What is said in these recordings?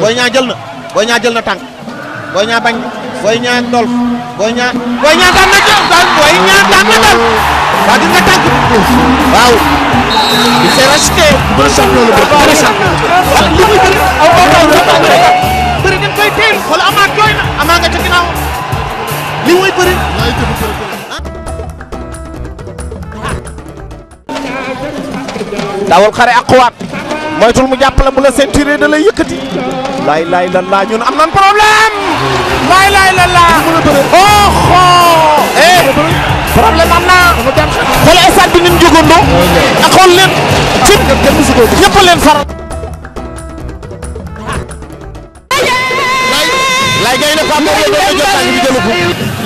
booy ñaa jël na booy ñaa jël na tànk booy ñaa bañ booy ñaa ndol booy ñaa booy ñaa daan na nga tànk waaw il s'est racheté bërisam loolu bërisam bëri aw koy teel wala amaa jooy na amaa nga ca ginnaaw bëri dawal xare ak moytul mu jàpp la bu la ceinture da lay yëkkati. laay laay la laa ñun am nan problème. laay laay la laa. oh xoo. eh problème am naa. xool stade bi ni mu jógandoo. ak leen. ci ñëpp leen faral. laay laay gay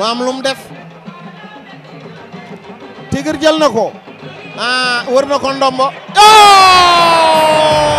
mu am mu def Tigre jël na ko ah wër na ko ndombo oh!